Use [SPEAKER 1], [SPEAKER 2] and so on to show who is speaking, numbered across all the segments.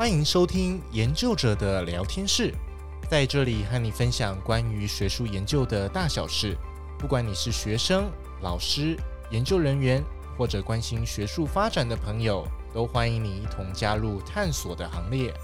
[SPEAKER 1] 歡迎收聽研究者的聊天室，在這裡和你分享關於學術研究的大小事。不管你是學生、老師、研究人員，或者關心學術發展的朋友，都歡迎你一同加入探索的行列。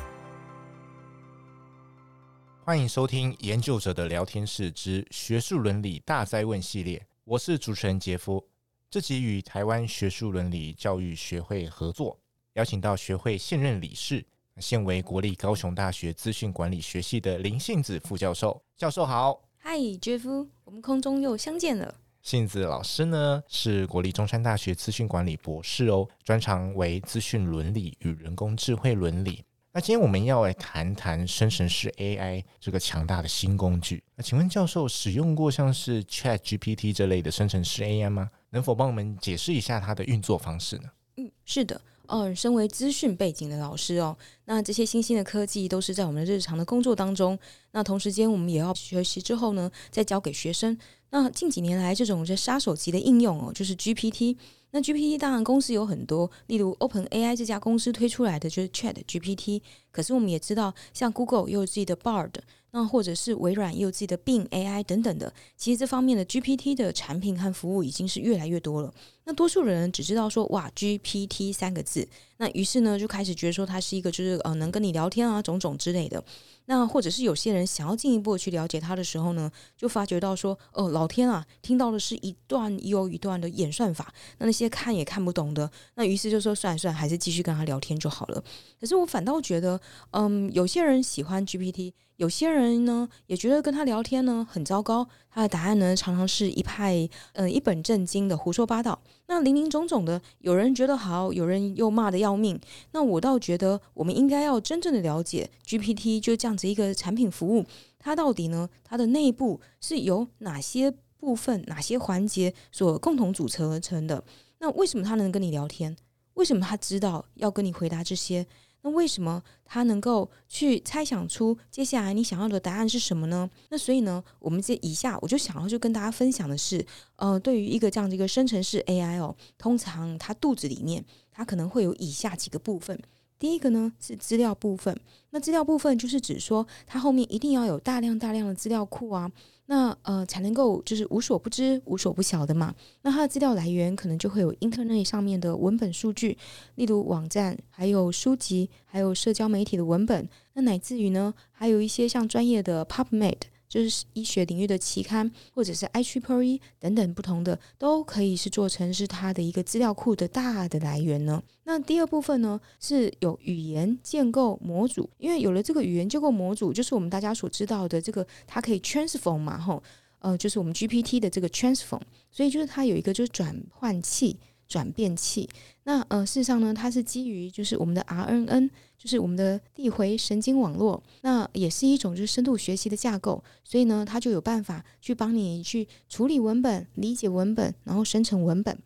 [SPEAKER 1] 歡迎收聽研究者的聊天室之學術倫理大哉問系列，我是主持人傑夫。這集與台灣學術倫理教育學會合作，邀請到學會現任理事。現為國立高雄大學資訊管理學系的林杏子副教授。教授好，
[SPEAKER 2] 嗨，Jeff，我們空中又相見了。
[SPEAKER 1] 杏子老師呢，是國立中山大學資訊管理博士哦，專長為資訊倫理與人工智慧倫理。那今天我們要來談談生成式 AI 這個強大的新工具。那請問教授使用過像是 ChatGPT 這類的生成式 AI 嗎？能否幫我們解釋一下它的運作方式呢？嗯，
[SPEAKER 2] 是的。哦，身為資訊背景的老師哦，那這些新興的科技都是在我們日常的工作當中。那同時間，我們也要學習之後呢，再教給學生。那近幾年來，這種這殺手級的應用哦，就是 GPT。那 GPT 當然公司有很多，例如 OpenAI 這家公司推出來的就是 ChatGPT。可是我們也知道，像 Google 又有自己的 Bard。那或者是微軟也有自己的 Bing AI 等等的，其實這方面的 GPT 的產品和服務已經是越來越多了。那多數人只知道說，哇 GPT 三個字，那於是呢就開始覺得說它是一個就是呃能跟你聊天啊種種之類的。那或者是有些人想要進一步去了解他的時候呢，就發覺到說，哦、呃，老天啊，聽到的是一段又一段的演算法。那那些看也看不懂的，那於是就說，算了算了，還是繼續跟他聊天就好了。可是我反倒覺得，嗯，有些人喜歡 GPT，有些人呢也覺得跟他聊天呢很糟糕，他的答案呢常常是一派嗯、呃、一本正經的胡說八道。那林林總總的，有人覺得好，有人又罵得要命。那我倒覺得，我們應該要真正的了解 GPT 就這樣子一個產品服務，它到底呢，它的內部是由哪些部分、哪些環節所共同組成而成的？那為什麼它能跟你聊天？為什麼它知道要跟你回答這些？那為什麼他能夠去猜想出接下來你想要的答案是什麼呢？那所以呢，我們這以下我就想要去跟大家分享的是，呃，對於一個這樣的一個生成式 AI 哦，通常它肚子裡面它可能會有以下幾個部分。第一個呢，是資料部分，那資料部分就是指說它後面一定要有大量大量的資料庫啊。那呃，才能夠就是無所不知、無所不曉的嘛。那它的資料來源可能就會有英 e t 上面的文本數據，例如網站、還有書籍、還有社交媒體的文本，那乃至於呢，還有一些像專業的 Pubmed。就是醫學領域的期刊，或者是 IEEE 等等不同的，都可以是做成是它的一個資料庫的大的來源呢。那第二部分呢，是有語言建構模組，因為有了這個語言建構模組，就是我們大家所知道的這個它可以 transform 嘛，吼，呃，就是我們 GPT 的這個 transform，所以就是它有一個就是轉換器。轉變器，那呃，事實上呢，它是基於就是我們的 RNN，就是我們的遞回神經網絡，那也是一種就是深度學習的架構，所以呢，它就有辦法去幫你去處理文本、理解文本，然後生成文本。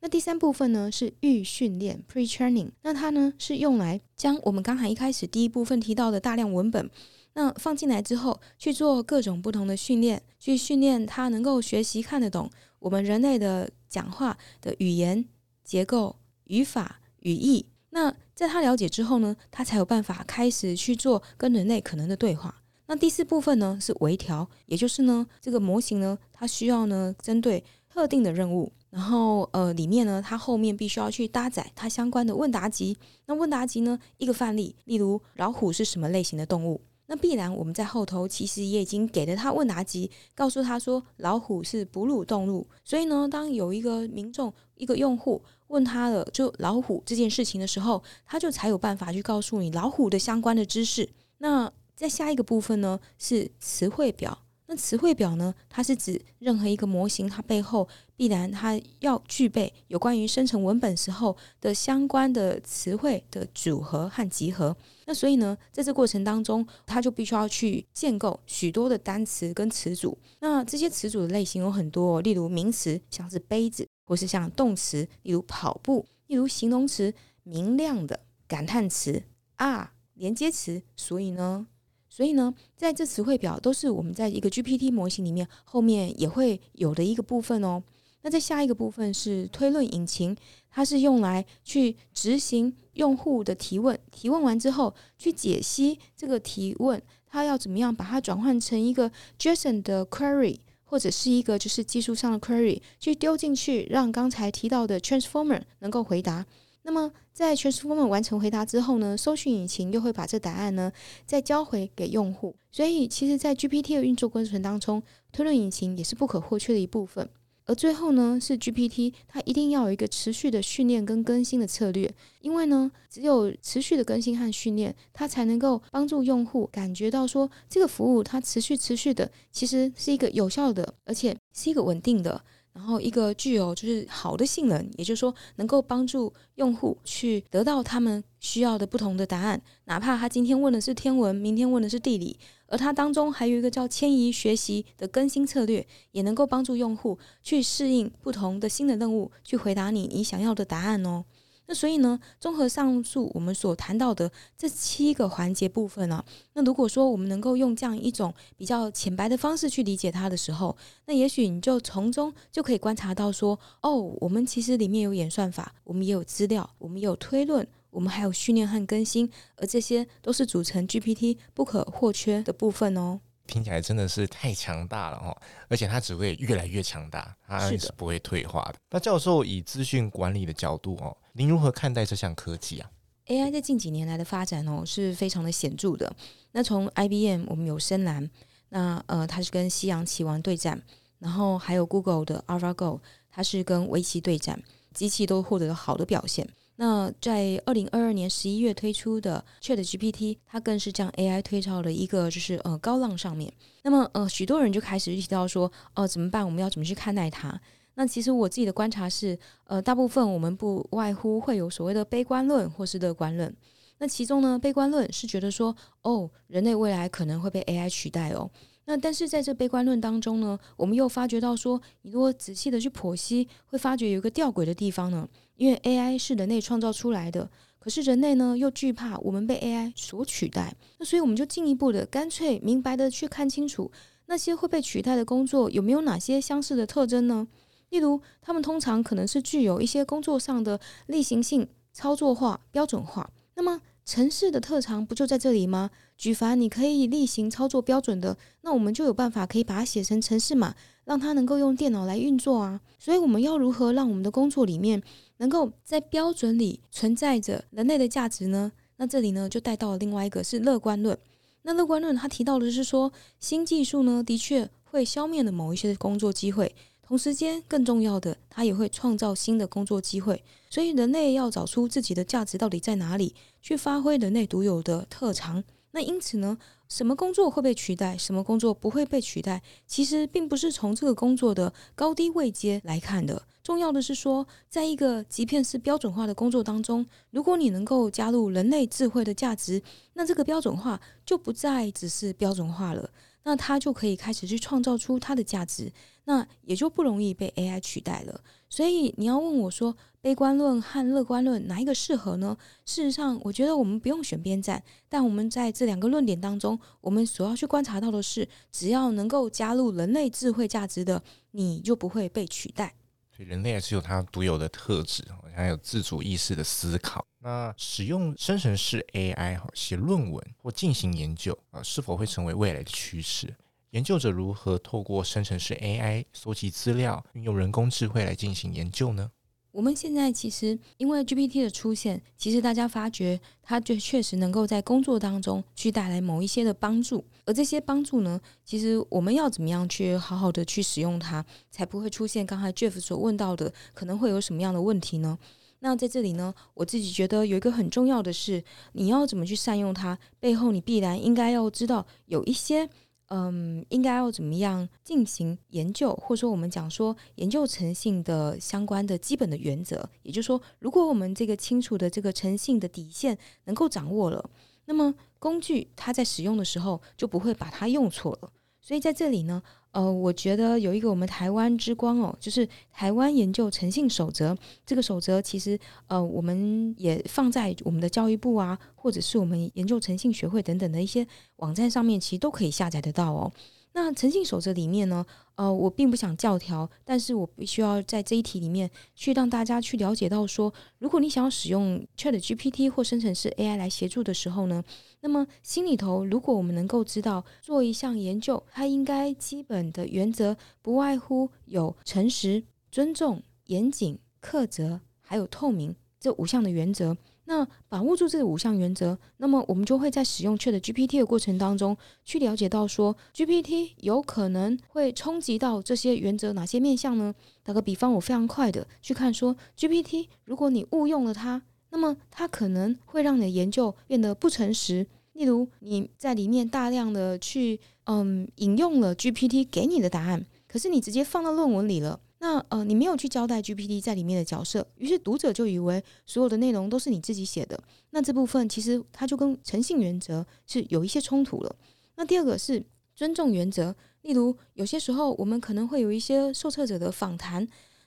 [SPEAKER 2] 那第三部分呢，是預訓練 （pre-training），那它呢，是用來將我們剛才一開始第一部分提到的大量文本。那放進來之後，去做各種不同的訓練，去訓練它能夠學習看得懂我們人類的講話的語言結構、語法、語義。那在它了解之後呢，它才有辦法開始去做跟人類可能的對話。那第四部分呢，是微調，也就是呢，這個模型呢，它需要呢，針對特定的任務，然後呃，裡面呢，它後面必須要去搭載它相關的問答集。那問答集呢，一個範例，例如老虎是什麼類型的動物？那必然我們在後頭其實也已經給了他問答集，告訴他說老虎是哺乳動物。所以呢，當有一個民眾、一個用戶問他了，就老虎這件事情的時候，他就才有辦法去告訴你老虎的相關的知識。那在下一個部分呢，是詞彙表。那詞彙表呢，它是指任何一個模型，它背後必然它要具備有關於生成文本時候的相關的詞彙的組合和集合。那所以呢，在這過程當中，它就必須要去建構許多的單詞跟詞組。那這些詞組的類型有很多哦，例如名詞，像是杯子，或是像動詞，例如跑步，例如形容詞明亮的，感嘆詞啊，連接詞。所以呢。所以呢，在這詞彙表都是我們在一個 GPT 模型裡面後面也會有的一個部分哦。那在下一個部分是推論引擎，它是用來去執行用戶的提問，提問完之後去解析這個提問，它要怎麼樣把它轉換成一個 JSON 的 query，或者是一個就是技術上的 query，去丟進去，讓剛才提到的 transformer 能夠回答。那麼在全書友們完成回答之後呢，搜尋引擎又會把這答案呢再交回給用戶。所以，其實，在 GPT 的運作過程當中，推論引擎也是不可或缺的一部分。而最後呢，是 GPT 它一定要有一個持續的訓練跟更新的策略，因為呢，只有持續的更新和訓練，它才能夠幫助用戶感覺到說，這個服務它持續持續的，其實是一個有效的，而且是一個穩定的。然後，一個具有就是好的性能，也就是說，能夠幫助用戶去得到他們需要的不同的答案，哪怕他今天問的是天文，明天問的是地理，而它當中還有一個叫遷移學習的更新策略，也能夠幫助用戶去適應不同的新的任務，去回答你你想要的答案哦。那所以呢，綜合上述我們所談到的這七個環節部分啊，那如果說我們能夠用這樣一種比較淺白的方式去理解它的時候，那也許你就從中就可以觀察到說，哦，我們其實裡面有演算法，我們也有資料，我們也有推論，我們還有訓練和更新，而這些都是組成 GPT 不可或缺的部分哦。
[SPEAKER 1] 聽起來真的是太強大了哦，而且它只會越來越強大，它是不會退化的。是的。那教授以資訊管理的角度哦。您如何看待這項科技啊
[SPEAKER 2] ？AI 在近幾年來的發展哦、喔，是非常的顯著的。那從 IBM，我們有深藍，那呃，它是跟西洋棋王對戰，然後還有 Google 的 AlphaGo，它是跟圍棋對戰，機器都獲得了好的表現。那在二零二二年十一月推出的 ChatGPT，它更是將 AI 推到了一個就是呃高浪上面。那麼呃，許多人就開始意識到說，哦、呃，怎麼辦？我們要怎麼去看待它？那其實我自己的觀察是，呃，大部分我們不外乎會有所謂的悲觀論或是樂觀論。那其中呢，悲觀論是覺得說，哦，人類未來可能會被 AI 取代哦。那但是在這悲觀論當中呢，我們又發覺到說，你如果仔細的去剖析，會發覺有一個弔詭的地方呢，因為 AI 是人類創造出來的，可是人類呢又懼怕我們被 AI 所取代。那所以我們就進一步的乾脆明白的去看清楚，那些會被取代的工作有沒有哪些相似的特徵呢？例如，他們通常可能是具有一些工作上的例行性操作化標準化。那麼，程式的特長不就在這裡嗎？舉凡你可以例行操作標準的，那我們就有辦法可以把它寫成程式碼，讓它能夠用電腦來運作啊。所以，我們要如何讓我們的工作裡面能夠在標準裡存在着人類的價值呢？那這裡呢，就帶到了另外一個是樂觀論。那樂觀論它提到的是說，新技術呢的確會消滅了某一些工作機會。同時間，更重要的，它也會創造新的工作機會。所以，人類要找出自己的價值到底在哪裡，去發揮人類獨有的特長。那因此呢，什麼工作會被取代，什麼工作不會被取代，其實並不是從這個工作的高低位階來看的。重要的是說，在一個即便是標準化的工作當中，如果你能夠加入人類智慧的價值，那這個標準化就不再只是標準化了。那他就可以開始去創造出他的價值，那也就不容易被 AI 取代了。所以你要問我說，悲觀論和樂觀論哪一個適合呢？事實上，我覺得我們不用選邊站，但我們在這兩個論點當中，我們所要去觀察到的是，只要能夠加入人類智慧價值的，你就不會被取代。
[SPEAKER 1] 所以人類還是有他獨有的特質。還有自主意識的思考。那使用生成式 AI 寫論文或進行研究，啊、呃，是否會成為未來的趨勢？研究者如何透過生成式 AI 蒐集資料，運用人工智慧來進行研究呢？
[SPEAKER 2] 我們現在其實因為 GPT 的出現，其實大家發覺它就確實能夠在工作當中去帶來某一些的幫助，而這些幫助呢，其實我們要怎麼樣去好好的去使用它，才不會出現剛才 Jeff 所問到的可能會有什麼樣的問題呢？那在這裡呢，我自己覺得有一個很重要的是，你要怎麼去善用它，背後你必然應該要知道有一些。嗯，應該要怎麼樣進行研究，或者說我們講說研究誠信的相關的基本的原則，也就是說，如果我們這個清楚的這個誠信的底線能夠掌握了，那麼工具它在使用的時候就不會把它用錯了。所以在這裡呢，呃，我覺得有一個我們台灣之光哦，就是台灣研究誠信守則。這個守則其實呃，我們也放在我們的教育部啊，或者是我們研究誠信學會等等的一些網站上面，其實都可以下載得到哦。那誠信守則裡面呢，呃，我並不想教條，但是我必須要在這一題裡面去讓大家去了解到說，如果你想要使用 ChatGPT 或生成式 AI 來協助的時候呢，那麼心裡頭如果我們能夠知道做一項研究，它應該基本的原則不外乎有誠實、尊重、嚴謹、課責，還有透明這五項的原則。那把握住這五項原則，那麼我們就會在使用 Chat GPT 的過程當中，去了解到說 GPT 有可能會衝擊到這些原則哪些面向呢？打個比方，我非常快的去看說 GPT，如果你誤用了它，那麼它可能會讓你的研究變得不誠實。例如，你在裡面大量的去嗯引用了 GPT 給你的答案，可是你直接放到論文裡了。那呃，你沒有去交代 GPT 在裡面的角色，於是讀者就以為所有的內容都是你自己寫的。那這部分其實它就跟誠信原則是有一些衝突了。那第二個是尊重原則，例如有些時候我們可能會有一些受測者的訪談。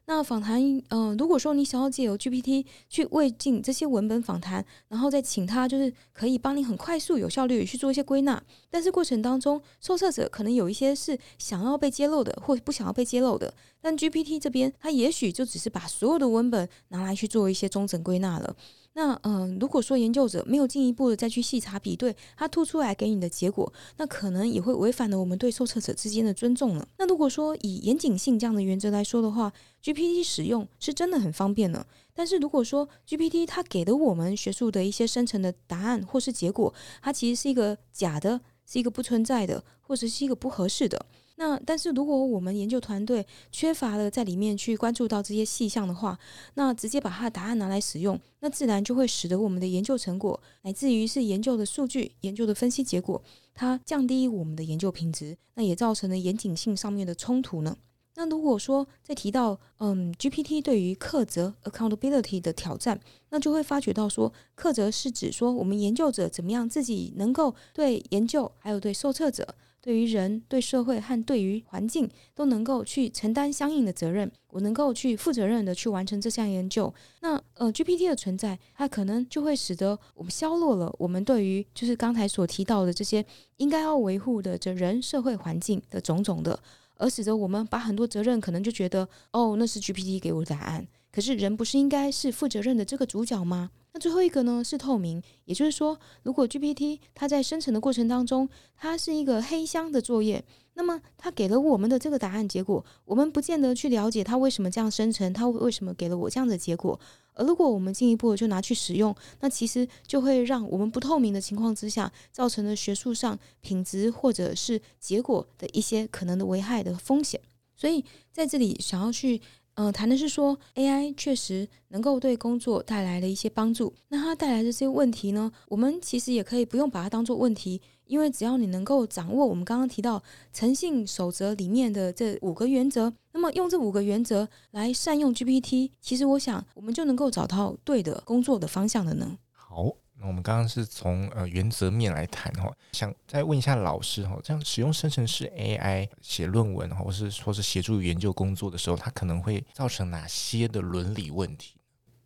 [SPEAKER 2] 那訪談，嗯、呃，如果說你想要借由 GPT 去餵進這些文本訪談，然後再請他就是可以幫你很快速有效率去做一些歸納，但是過程當中，受測者可能有一些是想要被揭露的，或是不想要被揭露的，但 GPT 這邊，他也許就只是把所有的文本拿來去做一些綜整歸納了。那嗯、呃，如果說研究者沒有進一步的再去細查比對，他吐出來給你的結果，那可能也會違反了我們對受測者之間的尊重了。那如果說以嚴謹性這樣的原則來說的話，GPT 使用是真的很方便的。但是如果說 GPT 它給的我們學術的一些生成的答案或是結果，它其實是一個假的，是一個不存在的，或者是一個不合適的。那但是，如果我們研究團隊缺乏了在裡面去關注到這些細項的話，那直接把它的答案拿來使用，那自然就會使得我們的研究成果，乃至於是研究的數據、研究的分析結果，它降低我們的研究品質，那也造成了嚴謹性上面的衝突呢。那如果說在提到嗯 GPT 對於課責 accountability 的挑戰，那就會發覺到說課責是指說我們研究者怎麼樣自己能夠對研究還有對受測者。對於人、對社會和對於環境都能夠去承擔相應的責任，我能夠去負責任的去完成這項研究。那呃，GPT 的存在，它可能就會使得我們削弱了我們對於就是剛才所提到的這些應該要維護的這人、社會、環境的種種的，而使得我們把很多責任可能就覺得哦，那是 GPT 給我的答案。可是人不是應該是負責任的這個主角嗎？那最後一個呢是透明，也就是說，如果 GPT 它在生成的過程當中，它是一個黑箱的作業，那麼它給了我們的這個答案結果，我們不見得去了解它為什麼這樣生成，它為什麼給了我這樣的結果。而如果我們進一步就拿去使用，那其實就會讓我們不透明的情況之下造成了學術上品質或者是結果的一些可能的危害的風險。所以在這裡想要去。嗯、呃，談的是說 AI 確實能夠對工作帶來了一些幫助。那它帶來的這些問題呢？我們其實也可以不用把它當做問題，因為只要你能夠掌握我們剛剛提到誠信守則裡面的這五個原則，那麼用這五個原則來善用 GPT，其實我想我們就能夠找到對的工作的方向了呢。
[SPEAKER 1] 好。那我們剛剛是從呃原則面來談哈，想再問一下老師哈，這樣使用生成式 AI 寫論文哈，或是說是協助研究工作的時候，它可能會造成哪些的倫理問題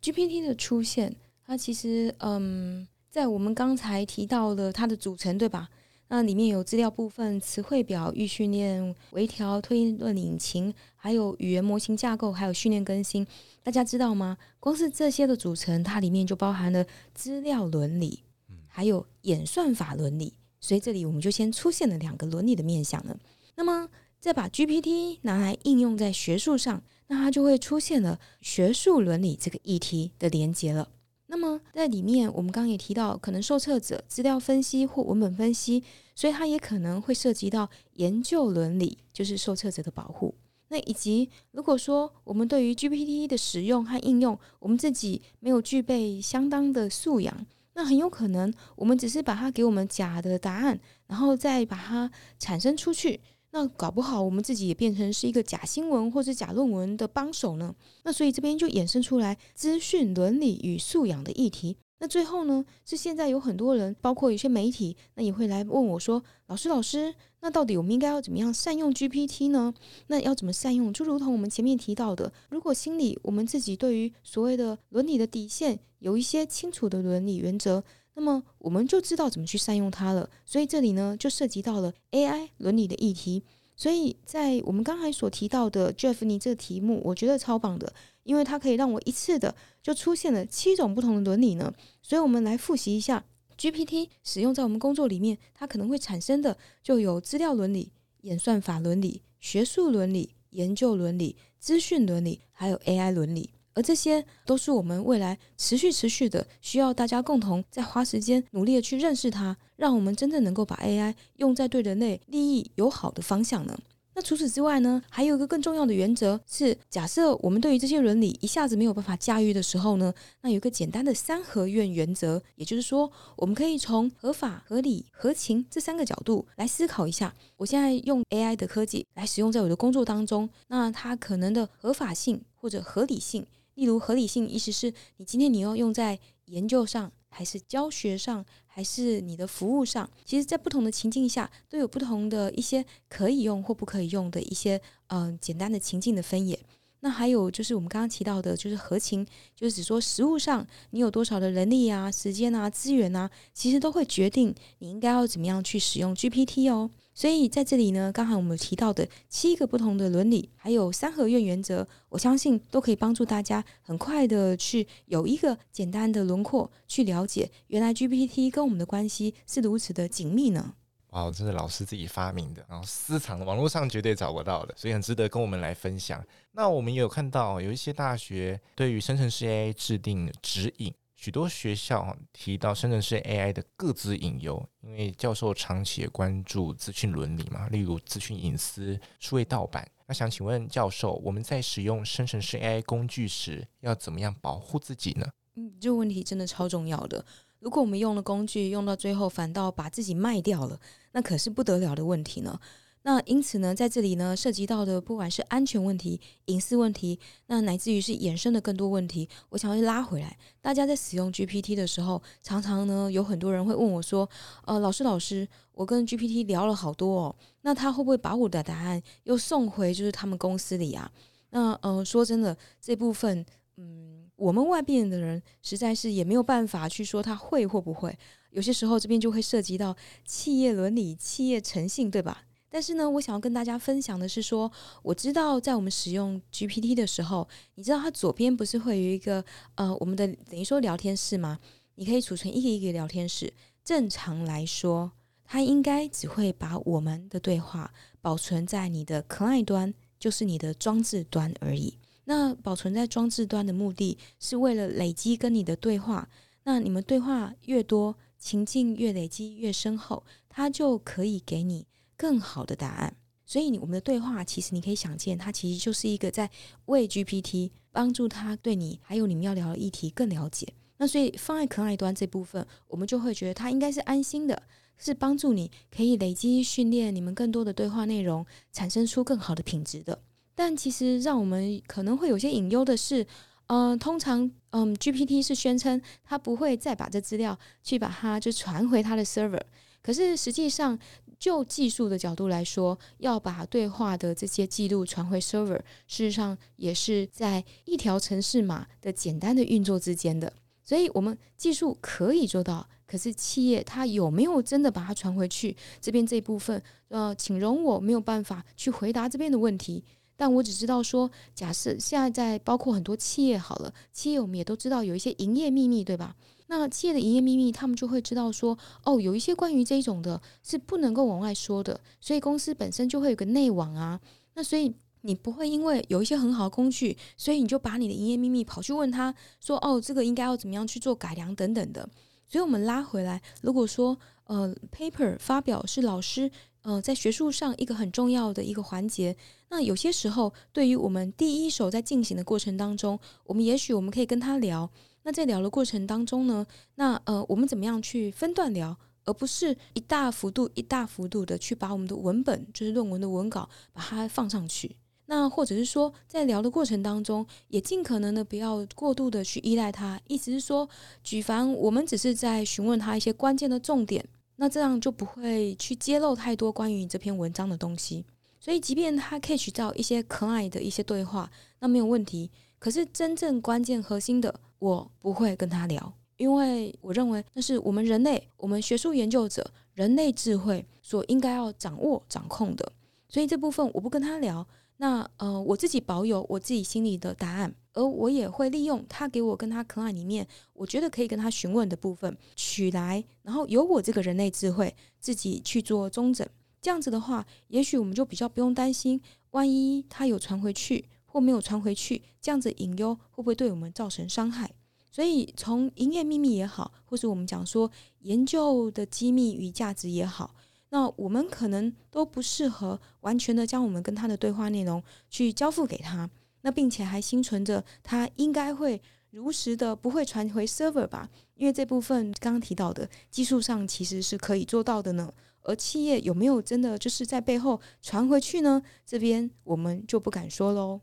[SPEAKER 2] ？GPT 的出現，它其實嗯，在我們剛才提到了它的組成，對吧？那裡面有資料部分、詞彙表預訓練、微調、推論引擎，還有語言模型架構，還有訓練更新。大家知道嗎？光是這些的組成，它裡面就包含了資料倫理，還有演算法倫理。所以這裡我們就先出現了兩個倫理的面向了。那麼再把 GPT 拿來應用在學術上，那它就會出現了學術倫理這個議題的連結了。那麼在裡面，我們剛剛也提到，可能受測者資料分析或文本分析，所以它也可能會涉及到研究倫理，就是受測者的保護。那以及，如果說我們對於 GPT 的使用和應用，我們自己沒有具備相當的素養，那很有可能我們只是把它給我們假的答案，然後再把它產生出去。那搞不好我們自己也變成是一個假新聞或者是假論文的幫手呢？那所以這邊就衍生出來資訊倫理與素養的議題。那最後呢，是現在有很多人，包括一些媒體，那也會來問我說：“老師，老師，那到底我們應該要怎麼樣善用 GPT 呢？”那要怎麼善用？就如同我們前面提到的，如果心裡我們自己對於所謂的倫理的底線有一些清楚的倫理原則，那麼我們就知道怎麼去善用它了。所以這裡呢，就涉及到了 AI 倫理的議題。所以在我們剛才所提到的 Jeffney 這個題目，我覺得超棒的，因為它可以讓我一次的就出現了七種不同的倫理呢。所以我們來複習一下 GPT 使用在我們工作裡面，它可能會產生的就有資料倫理、演算法倫理、學術倫理、研究倫理、資訊倫理，還有 AI 倫理。而這些都是我們未來持續持續的需要大家共同在花時間努力的去認識它，讓我們真正能夠把 AI 用在對人類利益友好的方向呢。那除此之外呢，還有一個更重要的原則是：假設我們對於這些倫理一下子沒有辦法駕馭的時候呢，那有一個簡單的三合院原則，也就是說，我們可以從合法、合理、合情這三個角度來思考一下。我現在用 AI 的科技來使用在我的工作當中，那它可能的合法性或者合理性？例如合理性，意思是你今天你要用在研究上，還是教學上，還是你的服務上？其實，在不同的情境下，都有不同的一些可以用或不可以用的一些嗯、呃、簡單的情境的分野。那還有就是我們剛剛提到的，就是合情，就是只說實務上你有多少的能力啊、時間啊、資源啊，其實都會決定你應該要怎麼樣去使用 GPT 哦。所以在這裡呢，剛好我們提到的七個不同的倫理，還有三合院原則，我相信都可以幫助大家很快的去有一個簡單的輪廓，去了解原來 GPT 跟我們的關係是如此的緊密呢。
[SPEAKER 1] 哇，這是老師自己發明的，然後私藏的，網絡上絕對找不到的，所以很值得跟我們來分享。那我們也有看到，有一些大學對於生成式 AI 制定的指引。許多學校提到生成式 AI 的各自隱憂，因為教授長期也關注資訊倫理嘛，例如資訊隱私、數位盜版。那想請問教授，我們在使用生成式 AI 工具時，要怎麼樣保護自己呢？
[SPEAKER 2] 嗯，這個問題真的超重要的。如果我們用的工具用到最後，反倒把自己賣掉了，那可是不得了的問題呢。那因此呢，在這裡呢，涉及到的不管是安全問題、隱私問題，那乃至於是衍生的更多問題，我想要拉回來。大家在使用 GPT 的時候，常常呢，有很多人會問我說：“呃，老師，老師，我跟 GPT 聊了好多哦，那他會不會把我的答案又送回就是他們公司裡啊？”那嗯、呃，說真的，這部分，嗯，我們外邊的人實在是也沒有辦法去說他會或不會。有些時候，這邊就會涉及到企業倫理、企業誠信，對吧？但是呢，我想要跟大家分享的是說，我知道在我們使用 GPT 的時候，你知道它左邊不是會有一個呃，我們的等於說聊天室嘛，你可以儲存一個一個聊天室。正常來說，它應該只會把我們的對話保存在你的 Client 端，就是你的裝置端而已。那保存在裝置端的目的是為了累積跟你的對話。那你們對話越多，情境越累積越深厚，它就可以給你更好的答案，所以你我們的對話其實你可以想見，它其實就是一個在為 GPT 幫助他對你還有你們要聊的議題更了解。那所以放在可愛端這部分，我們就會覺得它應該是安心的，是幫助你可以累積訓練你們更多的對話內容，產生出更好的品質的。但其實讓我們可能會有些隱憂的是、呃，嗯，通常嗯、呃、GPT 是宣稱它不會再把這資料去把它就傳回它的 server，可是實際上。就技術的角度來說，要把對話的這些記錄傳回 server，事實上也是在一條程式碼的簡單的運作之間的。所以，我們技術可以做到，可是企業它有沒有真的把它傳回去？這邊這一部分，呃，請容我沒有辦法去回答這邊的問題。但我只知道說，假設現在在包括很多企業好了，企業我們也都知道有一些營業秘密，對吧？那企業的營業秘密，他們就會知道說，哦，有一些關於這種的，是不能夠往外說的。所以公司本身就會有個內網啊。那所以你不會因為有一些很好的工具，所以你就把你的營業秘密跑去問他說，哦，這個應該要怎麼樣去做改良等等的。所以我們拉回來，如果說呃，paper 發表是老師呃在學術上一個很重要的一個環節，那有些時候對於我們第一手在進行的過程當中，我們也許我們可以跟他聊。那在聊的過程當中呢，那呃，我們怎麼樣去分段聊，而不是一大幅度一大幅度的去把我們的文本，就是論文的文稿，把它放上去。那或者是說，在聊的過程當中，也盡可能的不要過度的去依賴它。意思是說，舉凡我們只是在詢問他一些關鍵的重點，那這樣就不會去揭露太多關於這篇文章的東西。所以，即便他 catch 到一些可愛的一些對話，那沒有問題。可是真正關鍵核心的，我不會跟他聊，因為我認為那是我們人類，我們學術研究者，人類智慧所應該要掌握、掌控的。所以這部分我不跟他聊。那呃，我自己保有我自己心裡的答案，而我也會利用他給我跟他可愛裡面，我覺得可以跟他詢問的部分取來，然後由我這個人類智慧自己去做中診。這樣子的話，也許我們就比較不用擔心，萬一他有傳回去，或沒有傳回去，這樣子隱憂會不會對我們造成傷害？所以從營業秘密也好，或是我們講說研究的機密與價值也好，那我們可能都不適合完全的將我們跟他的對話內容去交付給他，那並且還心存着他應該會如實的不會傳回 server 吧？因為這部分剛剛提到的技術上其實是可以做到的呢。而企業有沒有真的就是在背後傳回去呢？這邊我們就不敢說嘍。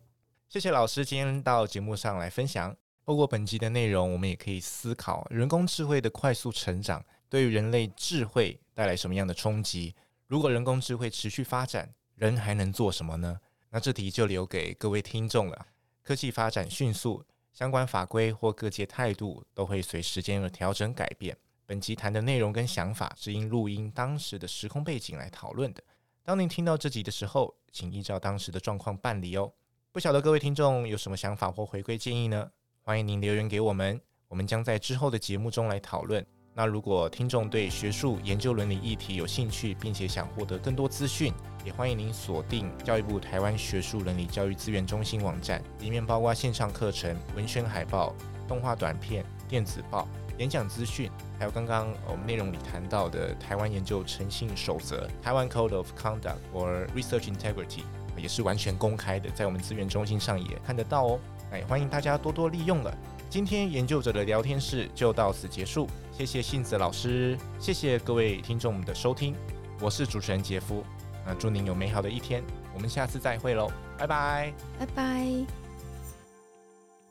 [SPEAKER 1] 謝謝老師今天到節目上來分享。透過本集的內容，我們也可以思考人工智慧的快速成長對於人類智慧帶來什麼樣的衝擊。如果人工智慧持續發展，人還能做什麼呢？那這題就留給各位聽眾了。科技發展迅速，相關法規或各界態度都會隨時間而調整改變。本集談的內容跟想法是因錄音當時的時空背景來討論的。當您聽到這集的時候，請依照當時的狀況辦理哦。不曉得各位聽眾有什麼想法或回饋建議呢？歡迎您留言給我們，我們將在之後的節目中來討論。那如果聽眾對學術研究倫理議題有興趣，並且想獲得更多資訊，也歡迎您鎖定教育部台灣學術倫理教育資源中心網站，裡面包括線上課程、文宣海報、動畫短片、電子報、演講資訊，還有剛剛我們內容裡談到的台灣研究誠信守則（台灣 Code of Conduct for Research Integrity）。也是完全公開的，在我們資源中心上也看得到哦。那也歡迎大家多多利用了。今天研究者的聊天室就到此結束，謝謝杏子老師，謝謝各位聽眾們的收聽，我是主持人傑夫。那祝您有美好的一天，我們下次再會嘍，拜拜，拜拜。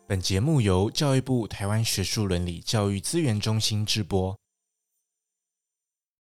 [SPEAKER 1] 本節目由教育部台灣學術倫理教育資源中心製播。